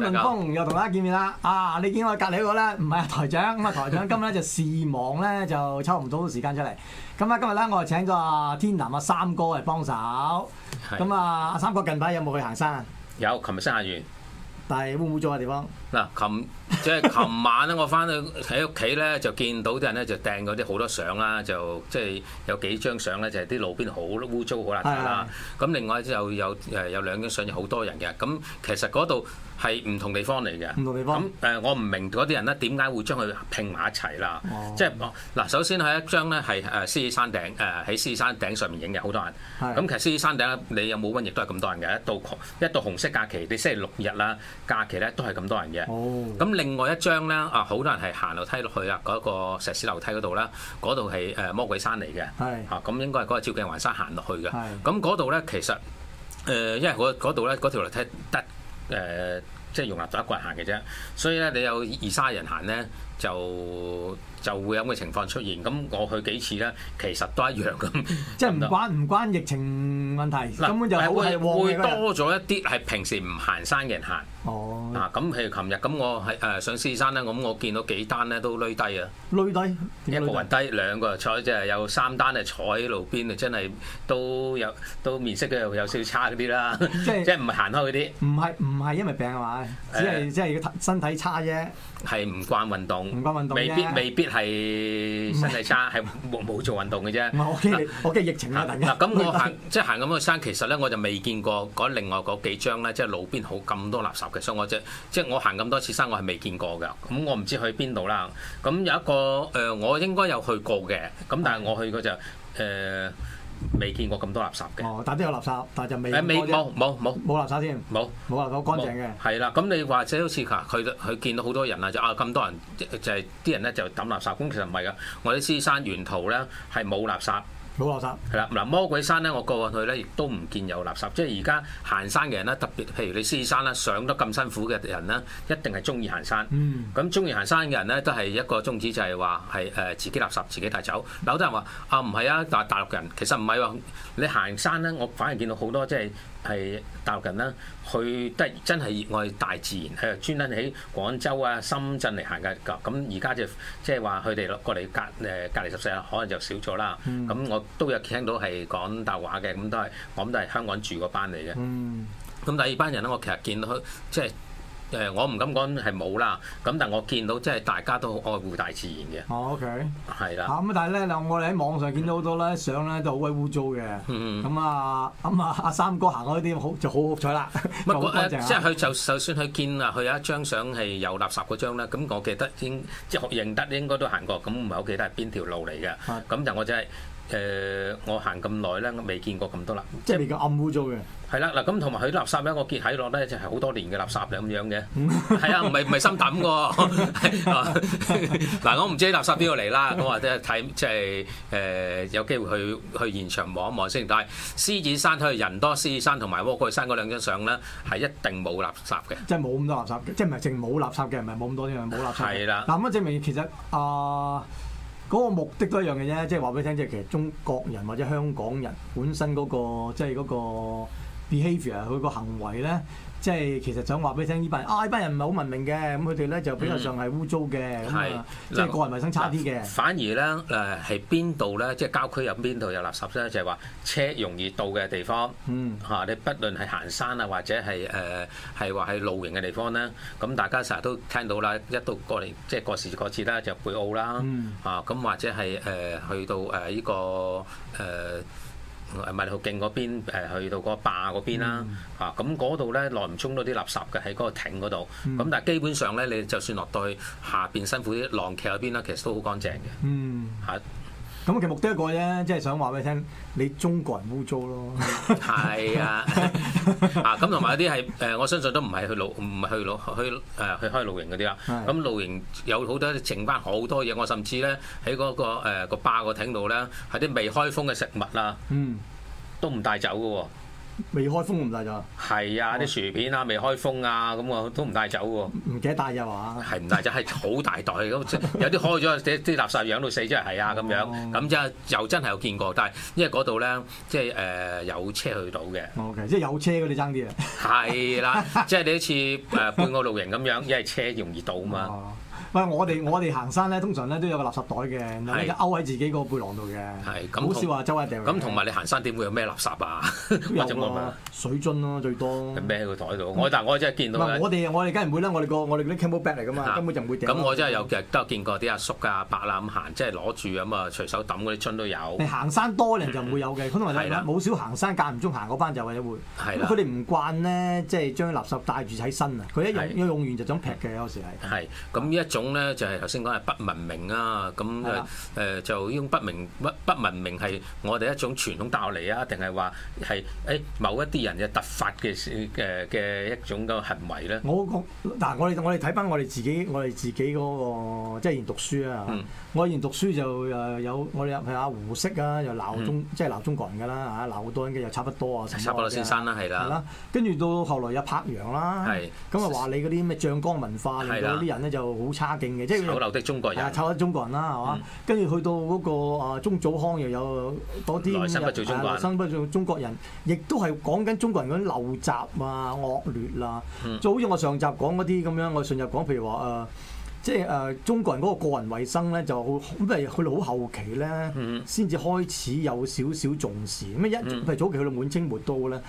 崑崙風又同大家見面啦！啊，你見我隔離嗰個咧？唔係啊台長咁啊！台長，台長今日咧就事忙咧就抽唔到時間出嚟。咁啊，今日咧我就請咗個天南啊三哥嚟幫手。咁是的 啊，三哥近排有冇去行山？有，琴日山下完，但係污污糟嘅地方。嗱，琴即係琴晚咧，我翻去喺屋企咧就見到啲人咧就掟嗰啲好多相啦，就，就即係有幾張相咧就係、是、啲路邊好污糟好難睇啦。咁的另外就有誒有，有，有兩張相有好多人嘅。咁其實嗰度。係唔同，同地方嚟嘅，咁誒、呃、我唔明嗰啲人咧點解會將佢拼埋一齊啦？Oh. 即係嗱，首先係一張咧係誒獅子山頂誒喺、呃、獅子山頂上面影嘅，好多人。咁是其實獅子山頂咧，你有冇瘟疫都係咁多人嘅，一到一到紅色假期，你星期六日啦，假期咧都係咁多人嘅。咁、oh. 另外一張咧啊，好多人係行樓梯落去啊，嗰個石屎樓梯嗰度啦，嗰度係誒魔鬼山嚟嘅。嚇咁是、啊、應該係嗰個照鏡環山行落去嘅。咁嗰度咧其實誒、呃，因為嗰度咧嗰條樓梯得。誒、呃、即係容納咗一個人行嘅啫，所以咧你有二三人行咧，就就會有咁嘅情況出現。咁我去幾次咧，其實都一樣咁， 即係唔關唔關疫情問題，咁就好係旺會多咗一啲係平時唔行山嘅人、嗯、行人。哦，嗱咁，譬如琴日咁，我係誒上獅子山咧，咁我見到幾單咧都累低啊，累低，一個人低，兩個人坐，即係有三單係坐喺路邊啊，真係都有都面色嘅有少少差嗰啲啦，即係即係唔係行開嗰啲？唔係唔係，因為病啊嘛，只係即係身體差啫，係唔慣運動，唔慣運動，未必未必係身體差，係冇冇做運動嘅啫。唔係我嘅，我嘅疫情啦嗱，咁我行即係行咁多山，其實咧我就未見過嗰另外嗰幾張咧，即係路邊好咁多垃圾。其實我只即係我行咁多次山，我係未見過嘅。咁我唔知去邊度啦。咁有一個誒、呃，我應該有去過嘅。咁但係我去嗰就誒未、呃、見過咁多垃圾嘅。哦、欸，但啲有垃圾，但就未誒未冇冇冇冇垃圾先冇冇垃圾，好乾淨嘅。係啦，咁你或者好似佢佢見到好多人啊，就啊咁多人就係啲人咧就抌垃圾。咁其實唔係噶，我啲獅山沿途咧係冇垃圾。老垃圾，係啦！嗱，魔鬼山咧，我過去咧，亦都唔見有垃圾。即係而家行山嘅人咧，特別譬如你獅子山啦，上得咁辛苦嘅人咧，一定係中意行山。嗯，咁中意行山嘅人咧，都係一個宗旨，就係話係誒自己垃圾自己帶走。好多人話啊，唔係啊，大大陸人其實唔係話，你行山咧，我反而見到好多即係。係大陸人啦，佢都真係熱愛大自然，係專登喺廣州啊、深圳嚟行噶。咁而家就即係話佢哋咯過嚟隔誒隔離十四日，可能就少咗啦。咁、嗯、我都有聽到係講大話嘅，咁都係我諗都係香港住個班嚟嘅。咁、嗯、第二班人咧，我其實見到佢即係。誒，我唔敢講係冇啦，咁但係我見到即係大家都愛護大自然嘅。哦，OK，係啦。嚇，咁啊，但係咧，嗱，我哋喺網上見到好多咧，相咧都好鬼污糟嘅。嗯嗯。咁啊，咁啊，阿三哥行開啲好就好好彩啦，咁啊正。即係佢就，就算佢見啊，佢有一張相係有垃圾嗰張咧，咁我記得應即係認得應該都行過，咁唔係好記得係邊條路嚟嘅。啊。咁就我就係。誒、呃，我行咁耐咧，未見過咁多啦。即係比較暗污糟嘅。係啦，嗱，咁同埋佢啲垃圾咧，我見睇落咧就係好多年嘅垃圾咁樣嘅。係、呃、啊，唔係唔係心抌嘅。嗱，我唔知啲垃圾邊度嚟啦。咁或者睇即係誒有機會去去現場望一望先。但係獅子山睇人多，獅子山同埋鑊蓋山嗰兩張相咧係一定冇垃圾嘅。即係冇咁多垃圾嘅，即係唔係淨冇垃圾嘅，唔係冇咁多，因為冇垃圾。係啦的。嗱咁啊，證明其實啊。呃嗰個目的都一樣嘅啫，即係話俾你聽，即係其實中國人或者香港人本身嗰個，即係嗰個 behaviour，佢個行為咧。即係其實想話俾你聽，呢班啊呢班人唔係好文明嘅，咁佢哋咧就比較上係污糟嘅，咁即係個人衞生差啲嘅。反而咧誒係邊度咧？即係郊區有邊度有垃圾咧？就係、是、話車容易到嘅地方，嗯嚇、啊，你不論係行山啊，或者係誒係話係露營嘅地方咧，咁大家成日都聽到啦，一到過嚟即係過時過節啦，就貝澳啦，啊咁或者係誒去到誒依個誒。呃呃呃呃呃呃麥理浩徑嗰邊去到嗰個壩嗰邊啦，嚇咁嗰度咧，耐唔沖到啲垃圾嘅喺嗰個亭嗰度。咁、嗯、但係基本上咧，你就算落到去下邊辛苦啲浪茄嗰邊啦，其實都好乾淨嘅。嗯，嚇、啊。咁其目的一個啫，即係想話俾你聽，你中國人污糟咯。係啊，啊咁同埋有啲係誒，我相信都唔係去露唔係去露去誒、啊、去開露營嗰啲啦。咁係啊露營有好多剩翻好多嘢，我甚至咧喺嗰個誒個、呃、巴個艇度咧，係啲未開封嘅食物啦、啊，嗯，都唔帶走噶喎。未開封唔帶走啊？係啊，啲薯片啊，未開封啊，咁啊都唔帶走喎、啊。唔記得帶咋嘛？係唔帶走，係好大袋咁， 有啲開咗，啲垃圾養到死，即係係啊咁、哦、樣。咁即係又真係有見過，但係因為嗰度咧，即係誒、呃、有車去到嘅。哦、o、okay, K，即係有車嗰啲爭啲啊。係啦、 啊，即係你好似誒半個露營咁樣，因為車容易到啊嘛。嗯嗯嗯。喂，我哋我哋行山咧，通常咧都有個垃圾袋嘅，係勾喺自己個背囊度嘅。係咁，好少話周圍掉。咁同埋你行山點會有咩垃圾啊？有啊，水樽咯最多。咁孭喺個袋度。我但我真係見到我哋我哋梗係唔會啦，我哋個我哋嗰啲 camera bag 嚟噶嘛，根本就唔會掉。咁我真係有嘅，都有見過啲阿叔、阿伯啦咁行，即係攞住咁啊，隨手抌嗰啲樽都有。你行山多嘅人就唔會有嘅，因為你冇少行山，間唔中行嗰班就或者會。佢哋唔慣咧，即係將垃圾帶住喺身啊！佢一用一用完就想劈嘅，有時係。係。咁一種咧就係頭先講係不文明啊，咁誒誒就呢種不明不不文明係我哋一種傳統帶落嚟啊，定係話係誒某一啲人嘅突發嘅誒嘅一種嘅行為咧？我覺嗱，我哋我哋睇翻我哋自己我哋自己嗰個即係讀書啊，我以前讀書就誒有我哋入去阿胡適啊，又鬧中即係鬧中國人噶啦嚇，鬧好多人嘅又差不多啊，差不多先生啦係啦，跟住到後來有柏楊啦，咁啊話你嗰啲咩醬缸文化令到啲人咧就好差。嘅，即醜陋的中國人，醜啲中國人啦，係嘛？跟住去到嗰個啊，鍾祖康又有多啲來生不做中國人，不做中國人，亦都係講緊中國人嗰啲陋習啊、惡劣啊。嗯、就好似我上集講嗰啲咁樣，我上集講，譬如話誒。啊即係誒、呃、中國人嗰個個人衞生咧，就好，因為去到好後期咧，先至、嗯、開始有少少重視咁啊一譬如早期去到滿清末都咧，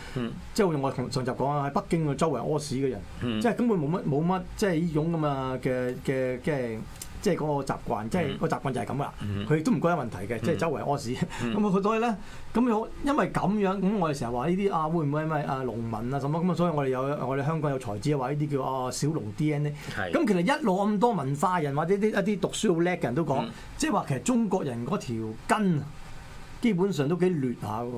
即係我同上集講啊，喺北京嘅周圍屙屎嘅人，即係根本冇乜冇乜，即係呢種咁啊嘅嘅即係。即係嗰個習慣，即係個習慣就係咁啦。佢都唔覺得問題嘅，mm hmm. 即係周圍屙屎。咁啊、mm，所以咧，咁、嗯、我因為咁樣，咁我哋成日話呢啲啊，會唔會因為啊農民啊什麼咁啊？所以我哋有我哋香港有才子話呢啲叫啊小農 DNA。咁其實一路咁多文化人或者啲一啲讀書好叻嘅人都講，mm hmm. 即係話其實中國人嗰條根基本上都幾劣下嘅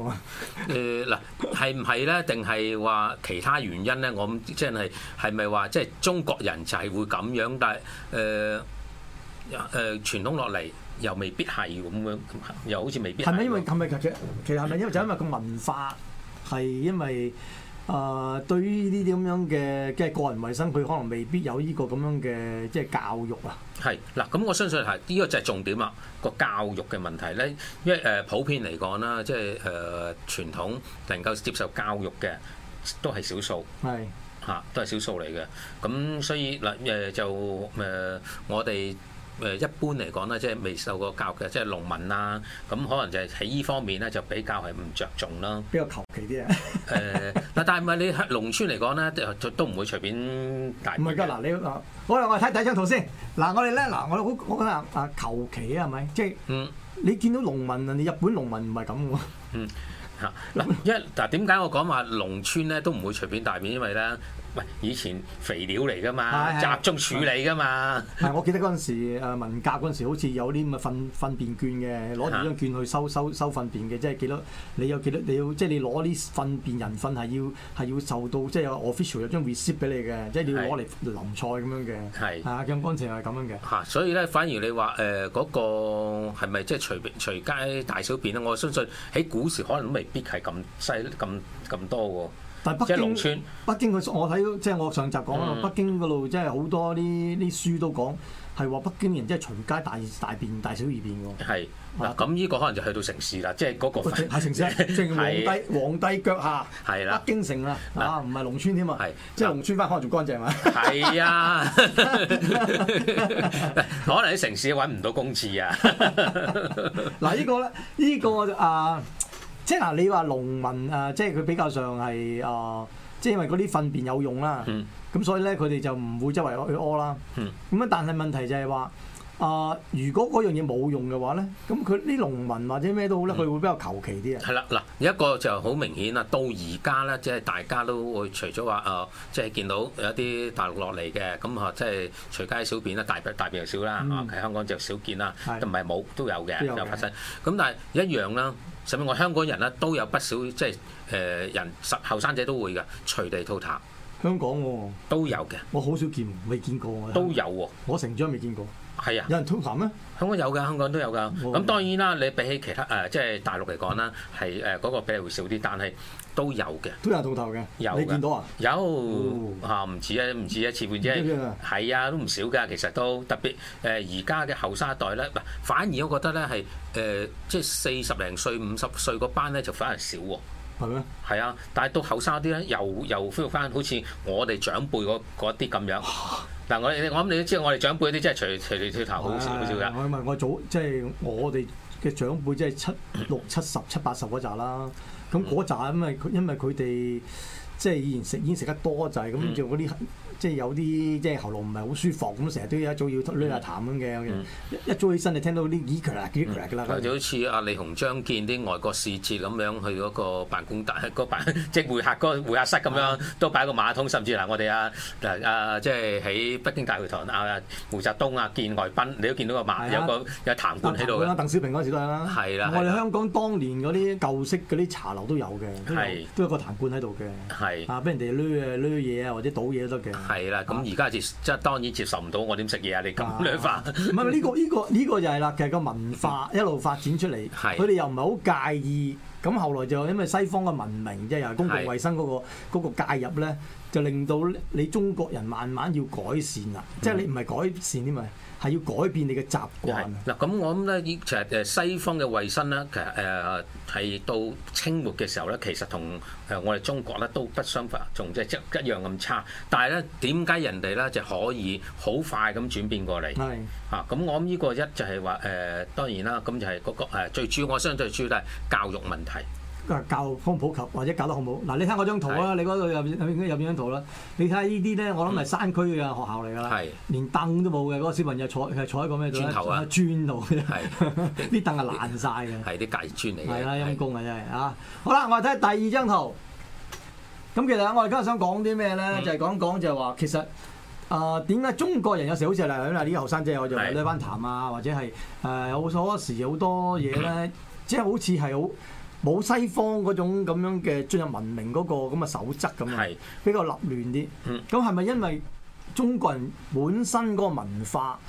喎。嗱，係唔係咧？定係話其他原因咧？我即係係咪話即係中國人就係會咁樣？但係誒。呃誒傳統落嚟又未必係咁樣，又好似未必係。係咪因為係咪其實其實係咪因為就係、因為個文化係因為誒、呃、對於呢啲咁樣嘅嘅個人衞生，佢可能未必有呢個咁樣嘅即係教育啊？係嗱，咁我相信係呢、呢個就係重點啦。個教育嘅問題咧，因為誒普遍嚟講啦，即係誒傳統能夠接受教育嘅都係少數係嚇，是都係少數嚟嘅。咁所以嗱誒、呃、就誒、呃、我哋。誒一般嚟講咧，即係未受過教育，嘅，即係農民啊，咁可能就係喺依方面咧就比較係唔着重咯。比較求其啲啊、呃？誒嗱，但係唔係你喺農村嚟講咧，都唔會隨便大便。唔係㗎嗱，你嗱、啊，我哋睇第一張圖先。嗱、啊，我哋咧嗱，我好好講啦，啊求其啊，係咪？即係嗯，就是、你見到農民啊？你日本農民唔係咁喎。嗯嚇嗱，因為嗱點解我講話農村咧都唔會隨便大面，因為咧。以前肥料嚟噶嘛，是是集中處理噶嘛。係，我記得嗰陣時文革嗰陣時，好似有啲咁嘅糞糞便券嘅，攞住張券去收收收糞便嘅，即係幾多？你有幾多？你要即係你攞啲糞便人糞係要係要受到，即係有 official 有張 receipt 俾你嘅，是即係你要攞嚟淋菜咁樣嘅。係是，啊，咁嗰陣時係咁樣嘅。嚇，所以咧反而你話誒嗰個係咪即係隨隨街大小便咧？我相信喺古時可能都未必係咁細咁咁多喎。但北京，北京佢我睇，即係我上集講啦，北京嗰度即係好多啲啲書都講係話，北京人即係隨街大大便、大小二便㗎喎。係嗱，咁呢個可能就去到城市啦，即係嗰個係城市，即係皇帝皇帝腳下，係啦，北京城啦，啊，唔係農村添嘛，係，即係農村翻可能仲乾淨嘛。係啊，可能喺城市揾唔到公廁啊。嗱，呢個呢，呢個啊。即係嗱，你話農民誒，即係佢比較上係誒，即係因為嗰啲糞便有用啦，咁、mm. 所以咧佢哋就唔會周圍去屙啦。咁啊，但係問題就係話。啊！如果嗰樣嘢冇用嘅話咧，咁佢啲農民或者咩都好咧，佢會比較求其啲啊。係啦，嗱，有一個就好明顯啦。到而家咧，即係大家都會除咗話啊，即係見到有一啲大陸落嚟嘅，咁啊，即係隨街小便啦，大便大便又少啦，啊喺香港就少見啦，都唔係冇都有嘅，有發生。咁但係一樣啦，甚使我香港人啦都有不少即係誒人十後生者都會嘅隨地吐痰。香港都有嘅，我好少見，未見過都有喎。我成長未見過。係啊，有人吐痰咩？香港有嘅，香港都有㗎。咁、哦、當然啦，你比起其他誒、呃，即係大陸嚟講啦，係誒嗰個比例會少啲，但係都有嘅，都有的到頭嘅，有嘅，到、哦、啊？有嚇，唔止啊，唔止一次半次，係不啊，都唔少㗎。其實都特別誒，而家嘅後生一代咧，嗱，反而我覺得咧係誒，即係四十零歲、五十歲嗰班咧，就反而少喎、啊。係咩嗎？係啊，但係到後生啲咧，又又恢復返好似我哋長輩嗰啲咁樣。 嗱，我我諗你都知，我哋長輩啲真係隨隨地脱頭好少好少㗎。唔係唔係，我早即係我哋嘅長輩，即係七六七十七八十嗰扎啦。咁嗰扎咁啊， 那那因為佢哋即係以前食煙食得多滯，咁叫嗰啲。 即係有啲即係喉嚨唔係好舒服，咁成日都一早要濾下痰咁嘅。一早起身就聽到啲啦就好似阿李鴻章見啲外國使節咁樣，去嗰個辦公大即係會客嗰會客室咁樣，都擺個馬桶，甚至嗱我哋啊，嗱即係喺北京大會堂啊，毛澤東啊、見外賓，你都見到個馬有個有痰罐喺度啦。鄧小平嗰時都係啦。係啦。我哋香港當年嗰啲舊式嗰啲茶樓都有嘅，都有都一個痰罐喺度嘅。係啊，俾人哋濾啊濾嘢啊，或者倒嘢都得嘅。係啦，咁而家接即係當然接受唔到，我點食嘢啊？你咁兩化，唔係呢個呢、呢個呢、呢個就係啦，其實個文化一路發展出嚟，係佢哋又唔係好介意。咁後來就因為西方嘅文明，即係公共衞生嗰個嗰個介入咧，就令到你中國人慢慢要改善啦。即係的你唔係改善添嘛，係要改變你嘅習慣。嗱咁我諗咧，其實誒西方嘅衞生咧，其實誒係、呃、到清末嘅時候咧，其實同誒我哋中國咧都不相法，仲即係一一樣咁差。但係咧點解人哋咧就可以好快咁轉變過嚟？的啊咁我諗呢個一就係話誒當然啦，咁就係嗰個最主要，我相信最主要都係教育問題。係教方普及或者教得好唔好？嗱，你睇我張圖啦是，你嗰度入面有邊張圖啦？你睇下呢啲咧，我諗係山區嘅學校嚟噶啦，是 連凳都冇嘅，嗰、嗰個小朋友坐坐喺個咩度咧？磚頭啊，磚頭！磚度是， 啲凳係爛晒嘅。係啲介磚嚟嘅。係啊，陰功啊真係啊！嗯、好啦，我哋睇下第二張圖。咁其實我哋今日想講啲咩咧？就係講講就係話，其實啊，點、呃、解中國人有時好似係嗱呢啲後生仔，我就喺度班談啊，或者係誒有好多時多 好多嘢咧，即係好似係好。冇西方嗰種咁樣嘅進入文明嗰個咁嘅守則，咁樣，比較立亂啲。咁係咪因為中國人本身個文化，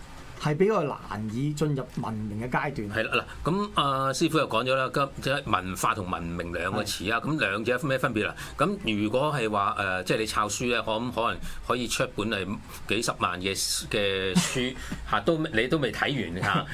係比較難以進入文明嘅階段。係啦、嗯，嗱咁阿師傅又講咗啦，咁即係文化同文明兩個詞啊，咁兩者有咩分別啊？咁如果係話誒，即、呃、係、就是、你抄書咧，我諗可能可以出本係幾十萬嘅嘅書嚇， 都你都未睇完嚇。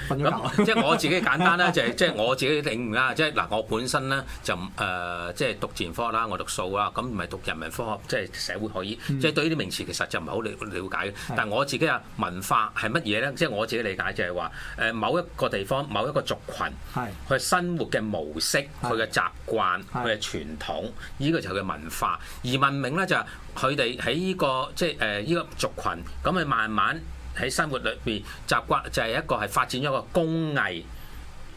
即係我自己簡單咧， 就係即係我自己嘅領悟啦。即係嗱，我本身咧就誒即係讀自然科啦，我讀數啦，咁唔係讀人文科學，即、就、係、是、社會學依，即係、嗯、對呢啲名詞其實就唔係好了解嘅。但係我自己啊，文化係乜嘢咧？即係我。我自己理解就係話，誒、呃、某一個地方、某一個族群，係佢是生活嘅模式、佢嘅是習慣、佢嘅是傳統，呢、呢個就係佢嘅文化。而文明咧就係佢哋喺呢個即係誒呢個族群，咁佢慢慢喺生活裏邊習慣，就係一個係發展咗一個工藝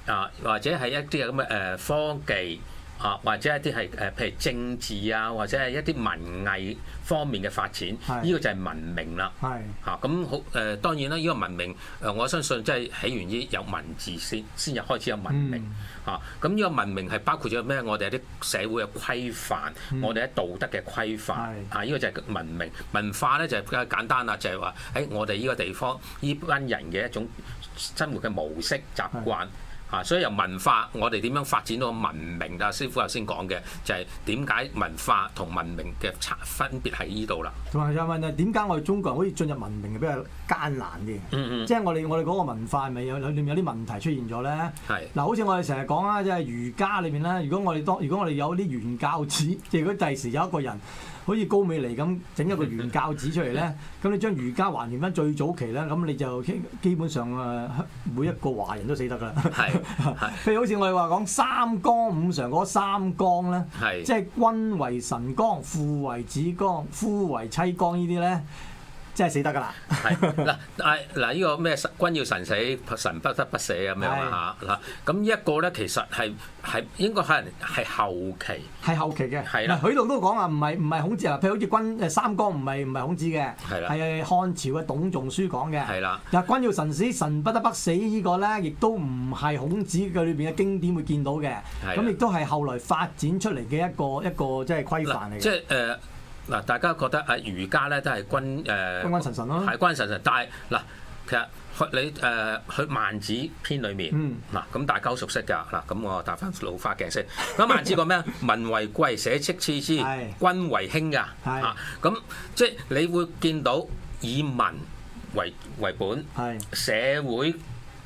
啊、呃，或者係一啲咁嘅誒科技。啊，或者一啲係誒，譬如政治啊，或者係一啲文藝方面嘅發展，呢是個就係文明啦。係啊是，咁好誒、呃，當然啦，呢、這個文明誒，我相信即係起源於有文字先，先至開始有文明。嗯、啊，咁呢個文明係包括咗咩？我哋啲社會嘅規範，我哋喺道德嘅規範。係啊，依個就係文明文化咧，就係比較簡單啦，就係話喺我哋呢個地方，依班人嘅一種生活嘅模式習慣。是啊！所以由文化，我哋點樣發展到文明？阿師傅頭先講嘅就係點解文化同文明嘅差分別喺呢度啦。咁我想問咧，點解我哋中國人好似進入文明嘅比較艱難嘅？嗯嗯、mm。即、hmm。係我哋我哋嗰個文化裡面，咪有有有啲問題出現咗咧？係是。嗱，好似我哋成日講啦，即係儒家裏邊咧，如果我哋當如果我哋有啲原教旨，即係如果第時有一個人。可以高美尼咁整一個原教旨出嚟咧，咁你將儒家還原翻最早期咧，咁你就基本上誒，每一個華人都死得啦。係， 譬如好似我哋話講三綱五常嗰三綱咧，即係君為臣綱，父為子綱，夫為妻綱呢啲咧。即係死得㗎啦！係嗱，誒嗱呢個咩？君要臣死，臣不得不死咁樣啊！嚇嗱，咁一個咧，其實係係應該可能係後期，係後期嘅。係啦，許洞都講啊，唔係唔係孔子啦，譬如好似君誒三綱唔係唔係孔子嘅，係漢朝嘅董仲舒講嘅。係啦，嗱，君要臣死，臣不得不死呢個咧，亦都唔係孔子嘅裏邊嘅經典會見到嘅。係咁，亦都係後來發展出嚟嘅一個一個即係規範嚟嘅。即係誒。嗱，大家覺得、呃、啊，儒家咧都係君，誒，君君臣臣咯，係君臣臣。但係嗱，其實佢你誒佢、呃、孟子篇裏面，嗱咁、嗯、大家都熟悉㗎。嗱，咁我打翻老花鏡先。咁孟子講咩啊？民 為貴，社稷次之，是君為輕㗎。嚇是，咁、啊、即係你會見到以民為為本，是社會。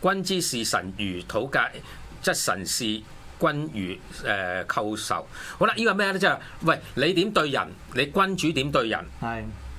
君之事臣如土芥，即臣事君如誒、呃、叩首。好啦，呢個咩咧？即係喂，你點對人？你君主點對人？係。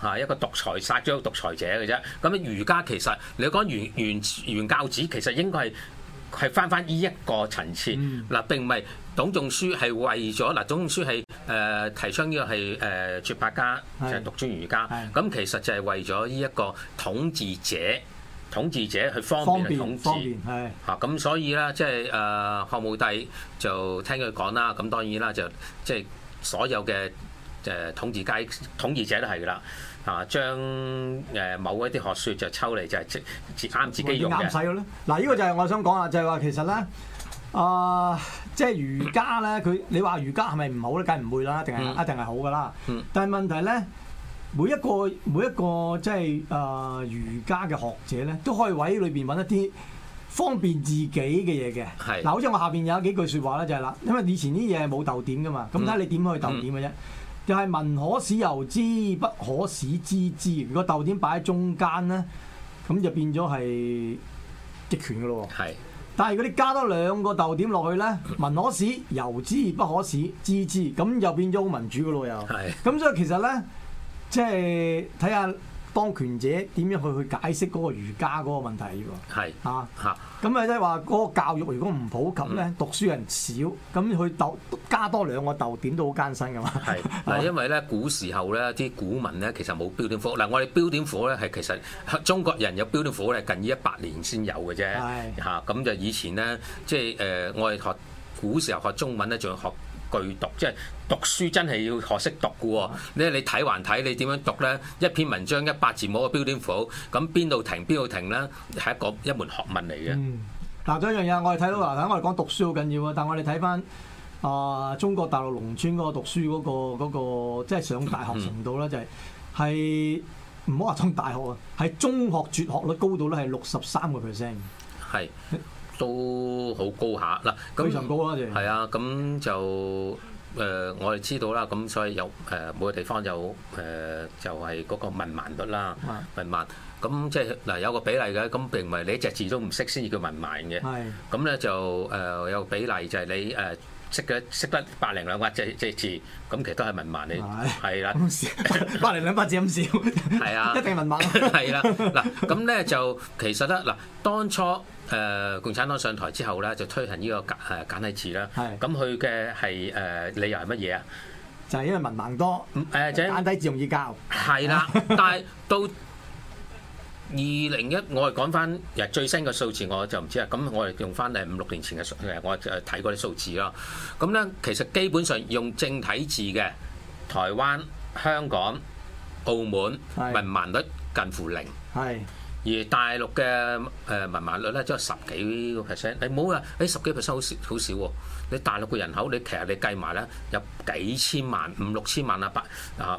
嚇，一個獨裁，殺咗個獨裁者嘅啫。咁儒家其實你講原原原教旨，其實應該係係翻翻呢一個層次。嗱、嗯啊、並唔係董仲舒係為咗嗱，董仲舒係誒、啊呃、提倡呢個係誒、呃、絕百家，是就係獨尊儒家。咁是其實就係為咗呢一個統治者，統治者去方便統治。方便咁、啊、所以啦，即係誒漢武帝就聽佢講啦。咁當然啦，就即、是、係所有嘅誒統治階統治者都係㗎啦。啊，將誒某一啲學説就抽嚟，就係即啱自己用嘅。啱使咗咧。嗱，呢個就係我想講啊，就係、是、話其實咧，啊、呃，即、就、係、是、儒家咧，佢、嗯、你話儒家係咪唔好咧？梗係唔會啦，一定係、嗯、一定係好噶啦。但係問題咧，每一個每一個即係啊儒家嘅學者咧，都可以喺裏邊揾一啲方便自己嘅嘢嘅。係是的。嗱，好似我下邊有幾句説話咧，就係、是、啦，因為以前啲嘢冇逗點噶嘛，咁睇下你，你點去逗點嘅啫。啊就係民可使由之，不可使知之。如果逗點擺喺中間咧，咁就變咗係極權嘅咯。係。但係如果你加多兩個逗點落去咧，民可使由之，不可使知之，咁就變咗好民主嘅咯又。係。咁所以其實咧，即係睇下。當權者點樣去去解釋嗰個儒家嗰個問題係是啊，嚇。咁啊，即係話嗰個教育如果唔普及咧，嗯、讀書人少，咁去逗加多兩個逗點都好艱辛㗎嘛。係是，係 因為咧，古時候咧，啲古文咧其實冇標點符，嗱我哋標點符咧，係其實中國人有標點符咧近於一百年先有嘅啫。係嚇是，咁、啊、就以前咧，即係誒我哋學古時候學中文咧仲要學。巨讀，即係讀書真係要學識讀嘅喎、哦。你睇還睇，你點樣讀咧？一篇文章一百字冇個標點符號，咁邊度停邊度停咧？係一個一門學問嚟嘅、嗯。嗱，仲有一樣嘢，我哋睇到嗱，我哋講讀書好緊要啊，但我哋睇翻啊中國大陸農村嗰個讀書嗰、那個、那個、即係上大學程度咧，嗯、就係係唔好話上大學啊，喺中學輟學率高到咧係六十三個 percent。係。都好高下，嗱，非常高啊！係啊，咁就誒、呃，我哋知道啦，咁所以有誒、呃、每個地方有誒、呃、就係、是、嗰個文盲率啦，啊、文盲，咁即係嗱有個比例嘅，咁並唔係你一隻字都唔識先至叫文盲嘅，咁咧係就誒、呃、有個比例就係你誒。呃識嘅識得百零兩個即係即係字，咁其實都係文盲嚟，係啦，百零兩百字咁少，係啊，一定文盲。係啦，嗱，咁咧就其實咧，嗱，當初誒共產黨上台之後咧，就推行呢個簡誒簡體字啦。係，咁佢嘅係誒理由係乜嘢啊？就係因為文盲多，誒即係簡體字容易教。係啦，但係到。二零一，2001，我係講翻，其實最新嘅數字我就唔知啦。咁我哋用翻誒五六年前嘅數誒，我就誒睇過啲數字啦。咁、嗯、咧，其實基本上用正體字嘅，台灣、香港、澳門文盲是率近乎零，是而大陸嘅誒文盲率咧，即係十幾個 percent。你唔好話誒十幾 percent 好少好少喎。你大陸嘅人口，你其實你計埋咧，有幾千萬、五六千萬啊百啊。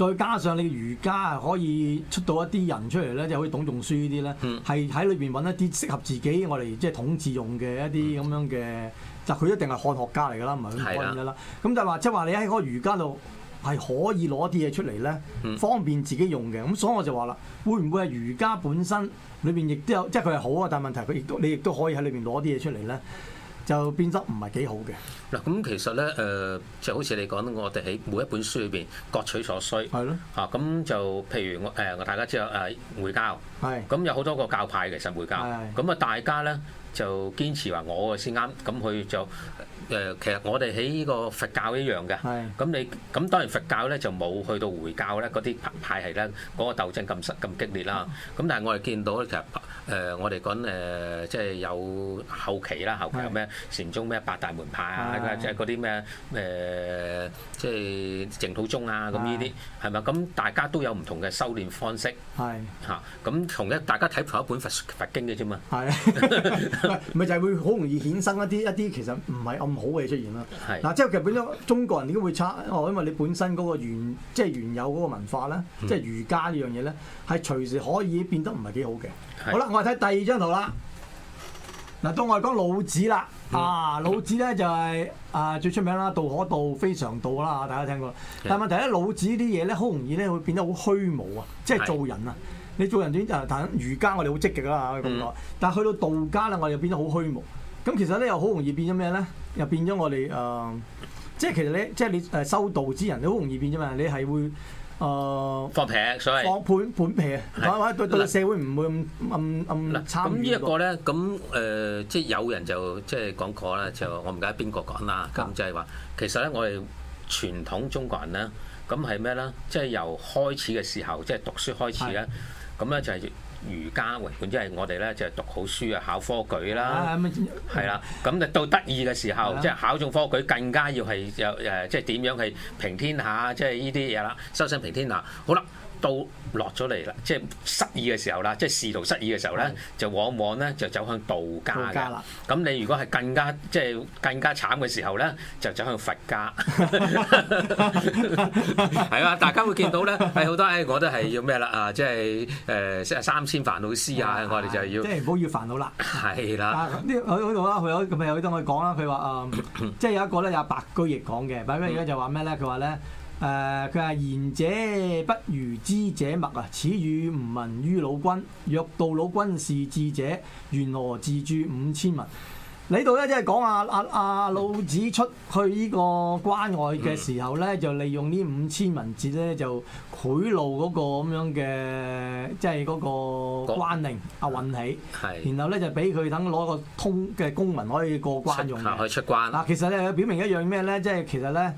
再加上你儒家啊，可以出到一啲人出嚟咧，即係好似董仲舒呢啲咧，係喺裏邊揾一啲適合自己，我哋即係統治用嘅一啲咁樣嘅，嗯、就佢一定係漢學家嚟㗎啦，唔係軍啦。咁的就話即係話你喺嗰個儒家度係可以攞啲嘢出嚟咧，嗯、方便自己用嘅。咁所以我就話啦，會唔會係儒家本身裏邊亦都有，即係佢係好啊，但係問題佢亦都你亦都可以喺裏邊攞啲嘢出嚟咧。就變得唔係幾好嘅。嗱，咁其實咧，誒、呃，就好似你講，我哋喺每一本書裏邊各取所需。係咯是的、啊。嚇，咁就譬如我誒，我、呃、大家知道誒，會、啊、回教。係。咁有好多個教派其實回教。咁啊，大家咧就堅持話我嘅先啱，咁佢就。誒，其實我哋喺呢個佛教一樣嘅，咁你咁當然佛教咧就冇去到回教咧嗰啲派系咧嗰個鬥爭咁實咁激烈啦。咁但係我哋見到咧，其實誒我哋講誒即係有後期啦，後期有咩禪宗咩八大門派啊，即係嗰啲咩誒即係淨土宗啊，咁呢啲係咪？咁大家都有唔同嘅修練方式，嚇咁同一大家睇同一本佛佛經嘅啫嘛。係咪就係會好容易衍生一啲一啲其實唔係暗？好嘅出現啦，嗱、嗯，即係其實變咗中國人點解會差？哦，因為你本身嗰個原，即係原有嗰個文化咧，嗯、即係儒家呢樣嘢咧，係隨時可以變得唔係幾好嘅。嗯、好啦，我哋睇第二張圖啦。嗱，到我哋講老子啦，嗯、啊，老子咧就係、是、啊最出名啦，道可道非常道啦，大家聽過。但係問題咧，老子啲嘢咧好容易咧會變得好虛無啊，即係做人啊，嗯、你做人就等、呃、儒家我哋好積極啦嚇咁講，但係去到道家啦，我哋變得好虛無。咁其實咧又好容易變咗咩咧？又變咗我哋誒，即係其實咧，即係你誒修道之人，你好容易變啫嘛。你係會誒放平，所謂放判判平，或者對對社會唔會咁暗暗慘。咁呢一個咧，咁誒即係有人就即係講過啦，就我唔記得邊個講啦。咁就係話其實咧，我哋傳統中國人咧，咁係咩咧？即係由開始嘅時候，即係讀書開始咧，咁咧就係。儒家為本，即係我哋咧就係讀好書啊，考科舉啦，係啦、啊，咁就到得意嘅時候，是的 即係考中科舉，更加要係有，誒、呃，即係點樣去平天下，即係呢啲嘢啦，修身平天下，好啦。都落咗嚟啦，即係失意嘅時候啦，即係仕途失意嘅時候咧，嗯、就往往咧就走向道家嘅。咁你如果係更加即係更加慘嘅時候咧，就走向佛家。係啊，大家會見到咧係好多誒、哎，我都係要咩啦啊，即係誒、呃、三千煩惱絲啊，我哋就要即係唔好要煩惱啦。係啦，呢度啦，佢有佢有同我講啦，佢話啊，即係有一個咧，有白居易講嘅，白居易家就話咩咧？佢話咧。誒，佢話言者不如知者默啊！此語唔聞於老君。若道老君是智者，緣何自住五千文？呢度咧即係講阿阿阿老子出去呢個關外嘅時候咧，就利用呢五千文字咧就賄賂嗰個咁樣嘅，即係嗰個關令阿尹喜。嗯、然後咧就俾佢等攞個通嘅公民可以過關用可以出，出關。嗱、啊，其實咧佢表明一樣咩咧？即係其實咧。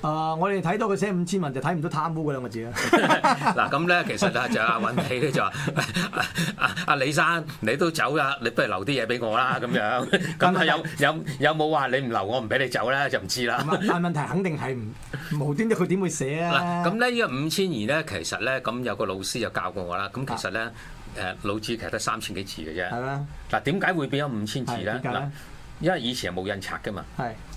誒，我哋睇到佢寫五千文就睇唔到貪污嗰兩個字啦。嗱、 啊，咁咧其實呢啊，就阿允起咧就話：阿李生，你都走啦，你不如留啲嘢俾我啦。咁樣，咁啊有有有冇話你唔留我唔俾你走咧？就唔知啦。但問題肯定係唔無端端佢點會寫啊？咁呢，5, 呢個五千二咧，其實咧咁有個老師就教過我啦。咁其實咧誒，老子其實得三千幾字嘅啫。係啦、啊。嗱、啊，點解會變咗五千字咧？ 因為以前係冇印刷噶嘛，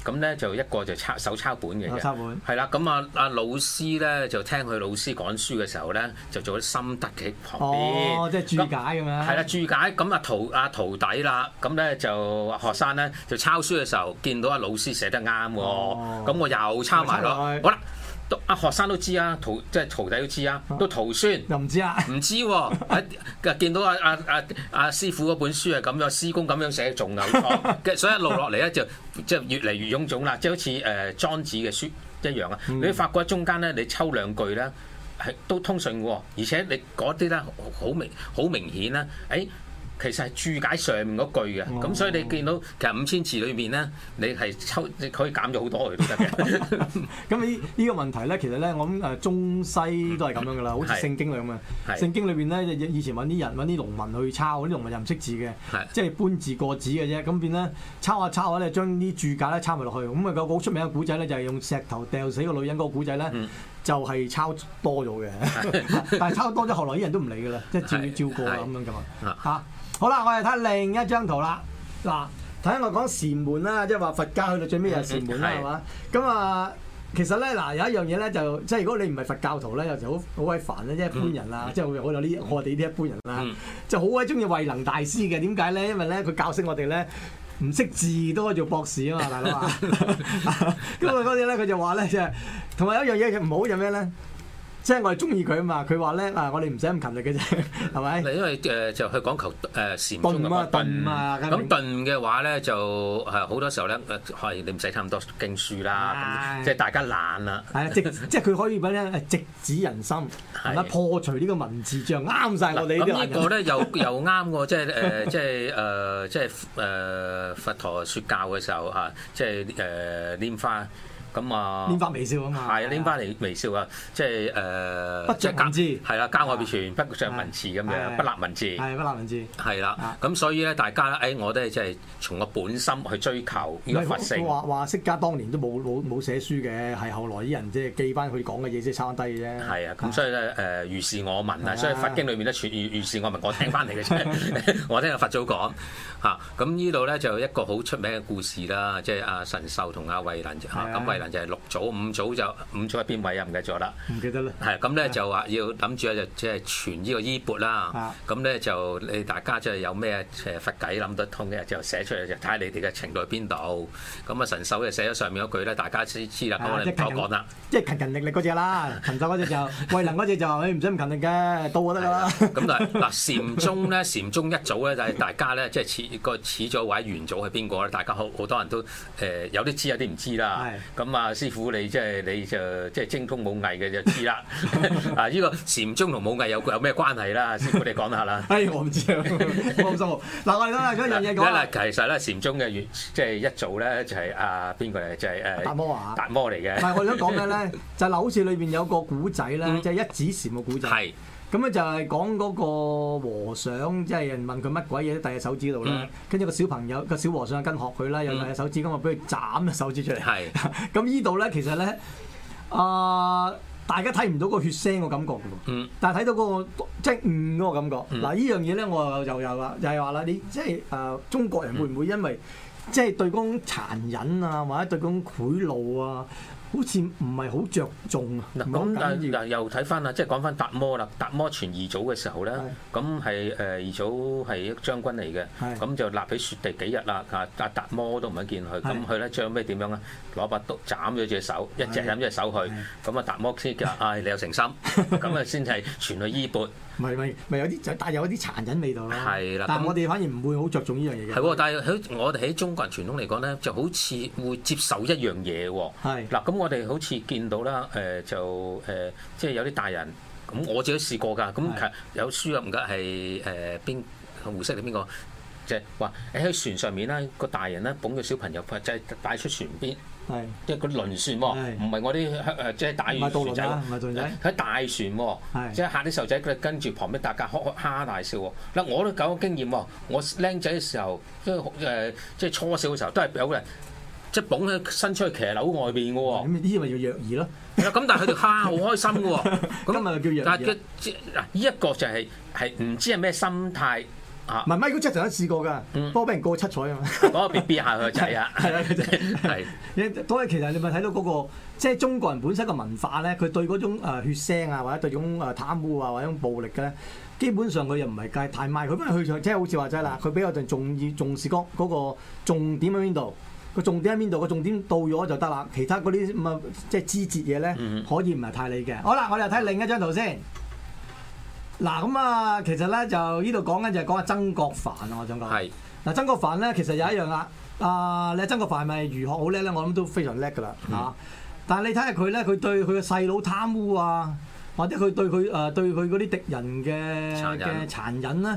咁咧是就一個就抄手抄本嘅，抄本係啦。咁啊阿老師咧就聽佢老師講書嘅時候咧，就做咗心得嘅旁邊，哦、即係注解咁樣。係啦，注解咁啊徒啊徒弟啦，咁咧就學生咧就抄書嘅時候見到阿老師寫得啱喎，咁、哦、我又抄埋咯。好啦。都啊學生都知啊，徒即係徒弟都知啊，都徒孫又唔知啊，唔知啊，唔知喎，喺見到阿阿阿阿師傅嗰本書係咁樣施工咁樣寫，仲有錯嘅。 所以一路落嚟咧就即係越嚟越臃腫啦，即係好似誒、呃、莊子嘅書一樣啊。嗯、你發覺中間咧，你抽兩句咧係都通順嘅，啊，而且你嗰啲咧好明好明顯啦，啊，誒、欸。其實係註解上面嗰句嘅，咁、哦、所以你見到其實五千詞裏面咧，你係抽你可以減咗好多嚟都得嘅。咁呢呢個問題咧，其實咧我諗誒中西都係咁樣噶啦，好似聖經咁樣啊，是聖經裏邊咧，以前揾啲人揾啲農民去抄，啲農民又唔識字嘅，即係是搬字過紙嘅啫，咁變咧抄下抄下咧，將啲註解咧抄埋落去，咁、那、啊個好出名嘅古仔咧，就係、是、用石頭掟死個女人嗰個古仔咧。嗯就係抄多咗嘅，但係抄多咗，後來啲人都唔理嘅啦，即係照照，照過啦咁樣咁啊嚇。 好啦，我哋睇下另一張圖啦。嗱，睇我講禪門啦，即係話佛教去到最尾係禪門啦，係嘛、 嗯？咁、嗯、啊，其實咧嗱有一樣嘢咧，就即係如果你唔係佛教徒咧，有時好好鬼煩咧，即係一般人啦，即係、嗯嗯、我我哋呢一般人啦，嗯、就好鬼中意慧能大師嘅。點解咧？因為咧佢教識我哋咧。唔識字都可以做博士啊嘛，大佬啊！咁啊嗰啲咧，佢就話、是、咧，即係同埋有一樣嘢佢唔好就咩咧？即係我係中意佢啊嘛，佢話咧嗱，我哋唔使咁勤力嘅啫，係咪？係因為誒就去講求誒禪咁啊。頓,頓啊咁。咁頓嘅話咧就係好多時候咧，係你唔使睇咁多經書啦，唉即係大家懶啦。係啊，直即係佢可以畀咧直指人心，的破除呢個文字障啱晒我哋呢啲人呢個咧又又啱喎，即係誒、呃、即係誒、呃、即係誒、呃、佛陀説教嘅時候啊，即係誒拈花。咁啊，拎翻微笑啊嘛，係啊，拎翻嚟微笑啊，即係誒不着文字，係啦，教外別傳不着文字咁樣，不立文字，係不立文字，係啦，咁所以咧，大家誒我都係即係從個本心去追求依個佛性。話話釋迦當年都冇冇冇寫書嘅，係後來啲人即係記翻佢講嘅嘢，即係抄低嘅啫。係啊，咁所以咧誒如是我聞啊，所以佛經裏面咧全如如是我聞，我聽翻嚟嘅啫，我聽阿佛祖講嚇。咁呢度咧就一個好出名嘅故事啦，即係阿神秀同阿慧能咁就係六組，五組就五組，喺邊位啊？唔記得咗啦。唔記得啦。係咁咧，就話要諗住就即係傳呢個衣缽啦。咁咧就你大家即係有咩佛偈諗得通嘅，就寫出嚟，就睇下你哋嘅程度喺邊度。咁啊神秀就寫咗上面嗰句咧，大家知知啦。可能唔好講啦。即係勤勤力力嗰隻啦。神秀嗰隻就慧能嗰隻，就佢唔使咁勤力嘅，到就得㗎啦。咁但係嗱，禪宗咧，禪宗一組咧就係大家咧，即係始個始組位元祖係邊個咧？大家好好多人都誒有啲知有啲唔知啦。咁。嘛，師傅你即係你就即係精通武藝嘅就知啦。啊，呢個禪宗同武藝有有咩關係啦？師傅你講下啦。哎，我唔知，我唔熟。嗱，我而家啦，有一樣嘢講。啊，嗱，其實咧，禪宗嘅原即係一早咧就係啊邊個嚟？就係誒。達摩啊。達摩嚟嘅。唔係，我想講嘅咧，就嗱，好似裏邊有個古仔咧，即係一指禪嘅古仔。係。咁咧就係講嗰個和尚，即係人問佢乜鬼嘢都戴隻手指度啦。跟住、嗯、個小朋友、嗰個小和尚跟學佢啦，又戴隻手指，咁啊俾佢斬手指出嚟。係、嗯。咁 呢度咧，其實咧，啊、呃、大家睇唔到個血腥嘅感覺嘅喎。但係睇到個即係唔嗰個感覺。嗱、嗰個，就係呃嗯、樣呢樣嘢咧，我又有啦，就係話啦，你即係誒中國人會唔會因為即係、嗯、對嗰種殘忍啊，或者對嗰種血戮啊？好似唔係好着重啊！咁但嗱又睇翻啊，即係講翻達摩啦。達摩傳二祖嘅時候咧，咁係誒二祖係一將軍嚟嘅，咁是的 就立喺雪地幾日啦。啊，阿達摩都唔肯見佢，咁佢咧將咩點樣啊？攞把刀斬咗隻手，一直斬隻手去。咁啊是的 達摩先叫唉是的、哎，你有誠心，咁啊先係傳去衣缽。咪咪咪，有啲就帶有啲殘忍味道咯。係啦的，但我哋反而唔會好着重呢樣嘢嘅。係喎，但係喺我哋喺中國人傳統嚟講咧，就好似會接受一樣嘢喎。係嗱，咁我哋好似見到啦，誒、呃、就誒、呃、即係有啲大人咁，我自己試過㗎。咁係是的 有輸入唔緊係誒邊護士定邊個就話、是、喺船上面啦，那個大人咧捧個小朋友，就係、是、帶出船邊。係，即係嗰啲輪船喎，唔係我啲香即係打魚仔，喺大船喎，即係嚇啲細路仔佢跟住旁邊大家哈哈大笑喎。嗱，我都搞經驗喎，我僆仔嘅時候，即係誒，即係初小嘅時候都係有個人，即係捧起伸出去騎樓外邊嘅喎。咁呢啲咪叫弱兒咯？咁但係佢哋蝦好開心嘅喎，咁咪 叫弱兒？但係嗱，呢一個就係係唔知係咩心態。啊，唔係 Michael Jackson 都試過㗎，不過俾、嗯、人過七彩啊嘛，幫佢 B B 下佢，係啊，係啊 的，係的。你，所以其實你咪睇到嗰、那個，即、就、係、是、中國人本身嘅文化咧，佢對嗰種血腥啊，或者對種誒貪污啊，或者種暴力嘅咧，基本上佢又唔係計太埋。佢因為佢就即、是、係好似話齋啦，佢、嗯、比較就重意重視嗰嗰個重點喺邊度，個重點喺邊度，個重點到咗就得啦。其他嗰啲咁啊，即係枝節嘢咧，可以唔係太理嘅。好啦，我哋睇另一張圖先。嗱咁啊，其實咧就呢度講緊就係講下曾國藩啊，我想講。係。嗱，曾國藩咧其實有一樣啊，啊、呃，你阿曾國藩係咪儒學好叻咧？我諗都非常叻㗎啦吓。但係你睇下佢咧，佢對佢個細佬貪污啊，或者佢對佢誒、呃、對佢嗰啲敵人嘅嘅殘忍咧，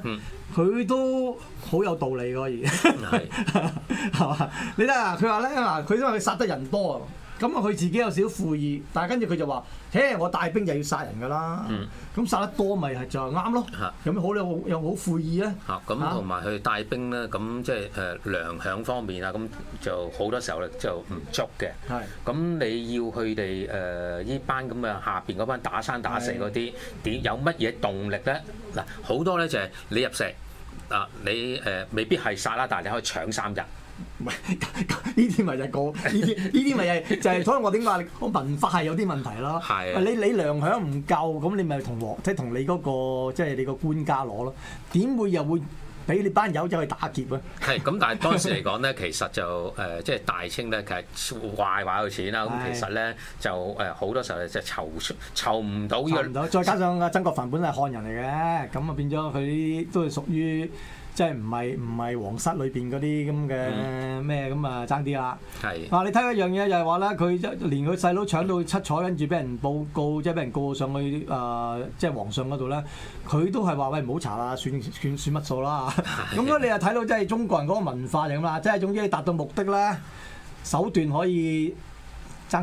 佢、嗯、都好有道理㗎。而 係是， 係嘛？你睇下佢話咧啊，佢因為佢殺得人多啊。咁啊，佢自己有少少悔意，但係跟住佢就話嘿我帶兵就要殺人噶啦。咁、嗯、殺得多咪係就係啱咯。是有咩好咧？有冇悔意咧？啊，咁同埋佢帶兵咧，咁即係誒糧餉方面啊，咁就好多時候咧就唔足嘅。咁是你要佢哋誒呢班咁嘅下邊嗰班打生打死嗰啲，點是有乜嘢動力咧？嗱，好多咧就係你入城，啊，你誒、呃、未必係殺啦，但係你可以搶三日。唔係呢啲咪就係個呢啲呢啲咪係就係、是，所以我點解啊？文化係有啲問題咯。係是的 你你糧餉唔夠，咁你咪同和，即係同你嗰、那個即係、就是、你個官家攞咯。點會又會俾你班友仔去打劫啊？係咁，但係當時嚟講咧，其實就誒、呃，即係大清咧，其實壞話有錢啦。咁是的 其實咧就誒，好、呃、多時候就籌出籌唔到嘅。再加上阿曾國藩本嚟漢人嚟嘅，咁啊變咗佢都係屬於。即係唔係唔係皇室裏邊嗰啲咁嘅咩，咁啊爭啲啦。嗱，你睇一樣嘢就係話咧，佢連佢細佬搶到七彩，跟住俾人報告，即係俾人告上去誒、呃，即係皇上嗰度咧，佢都係話喂，唔好查啦，算算算乜數啦。咁樣 的你又睇到即係中國人嗰個文化嚟咁啦。即係總之你達到目的咧，手段可以。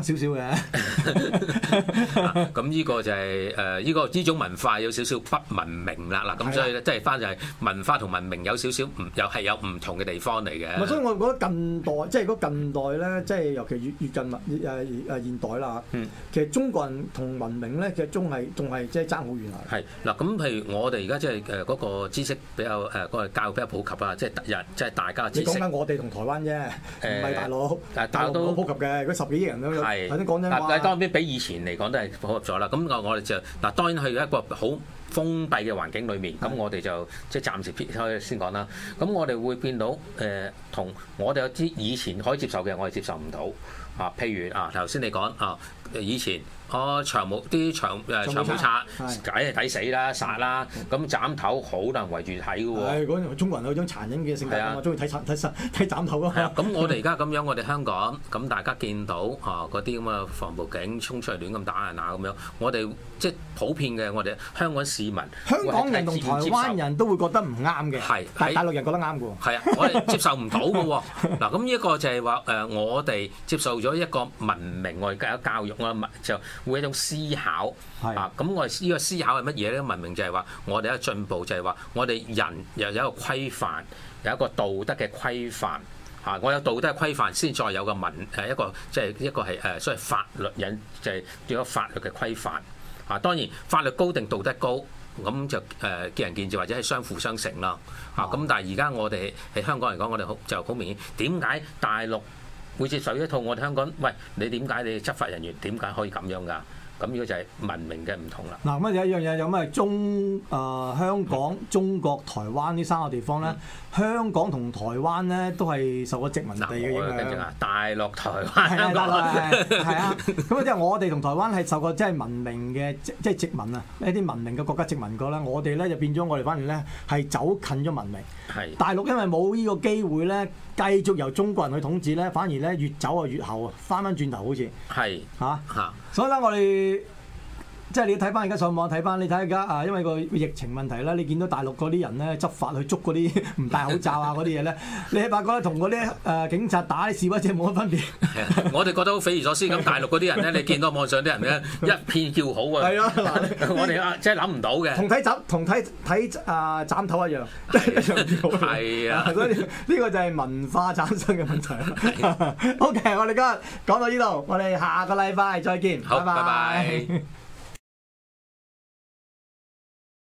爭少少嘅，咁呢、 啊呢個就係誒呢個呢種文化有少少不文明，啦嗱，咁的、啊、所以咧即係翻就係文化同文明有少少唔又係有唔同嘅地方嚟嘅。所以我覺得近代即係如果近代咧，即係尤其越越近民誒誒現代啦，其實中國人同文明咧，其實仲係仲係即係爭好遠啊。嗱，咁譬如我哋而家即係誒嗰個知識比較誒、嗰個教育比較普及啊，即係日即係大家知識。你講返我哋同台灣啫，唔係、呃、大陸，大陸都普及嘅，嗰、呃、家十幾億人都。係，講真，但係當然比以前嚟講都係配合咗啦。咁我我哋就，嗱，當然係一個好。封閉嘅環境裏面，咁我哋就即係暫時撇開先講啦。咁我哋會變到誒同我哋有啲以前可以接受嘅，我哋接受唔到啊。譬如啊，頭先你講啊，以前啊長毛啲長誒長毛賊，梗係睇死啦殺啦，咁斬頭好難圍住睇嘅喎。中國人有種殘忍嘅性格，我中意睇殺睇殺睇斬頭啊。咁我哋而家咁樣，我哋香港咁大家見到啊嗰啲咁嘅防暴警衝出嚟亂咁打人啊，咁樣，我哋即係普遍嘅我哋香港市民，香港人同台灣人都會覺得唔啱嘅，係大陸人覺得啱嘅喎，啊， 我哋接受唔到嘅喎。嗱，咁呢一個就係話誒，我哋接受咗一個文明，我哋有教，教育啦，就會一種思考。啊，咁我哋呢個思考係乜嘢咧？呢個、文明就係話我哋一個進步就，就係話我哋人又有一個規範，有一個道德嘅規範。嚇、啊，我有道德嘅規範，先再有個文誒一個即係、就係、一個係誒所謂法律引，就係叫咗法律嘅規範。啊，當然法律高定道德高，咁就誒見仁見智，或者係相輔相成啦。啊、oh.，咁但係而家我哋喺香港嚟講，我哋好就好明顯，點解大陸會接受一套我哋香港？喂，你點解你執法人員點解可以咁樣㗎？咁如果就係文明嘅唔同啦。嗱，咁啊有一樣嘢，有咩中啊、呃、香港、中國、台灣呢三個地方咧？嗯、香港同台灣咧都係受過殖民地嘅影響。有大陸、台灣、的港大陸係啊。咁啊即係我哋同台灣係受過即係文明嘅即係殖民啊，一啲文明嘅國家殖民過啦。我哋咧就變咗我哋反而咧係走近咗文明。係的大陸因為冇呢個機會咧。繼續由中國人去統治咧，反而咧越走啊越後是啊，返返轉頭好似係嚇，所以咧我哋。即係你要睇翻而家上網睇翻，你睇而家啊，因為個疫情問題啦，你見到大陸嗰啲人咧執法去捉嗰啲唔戴口罩啊嗰啲嘢咧，你係咪覺得同嗰啲誒警察打示威者冇乜分別？ 我哋覺得好匪夷所思咁。大陸嗰啲人咧，你見到網上啲人咧，一片叫好啊！係啊，我哋啊，即係諗唔到嘅。同睇斬，同睇睇啊斬頭一樣，係 的 一樣叫好， 是的 所以呢個就係文化產生嘅問題。 OK，我哋今日講到呢度，我哋下個禮拜再見。好， 拜拜。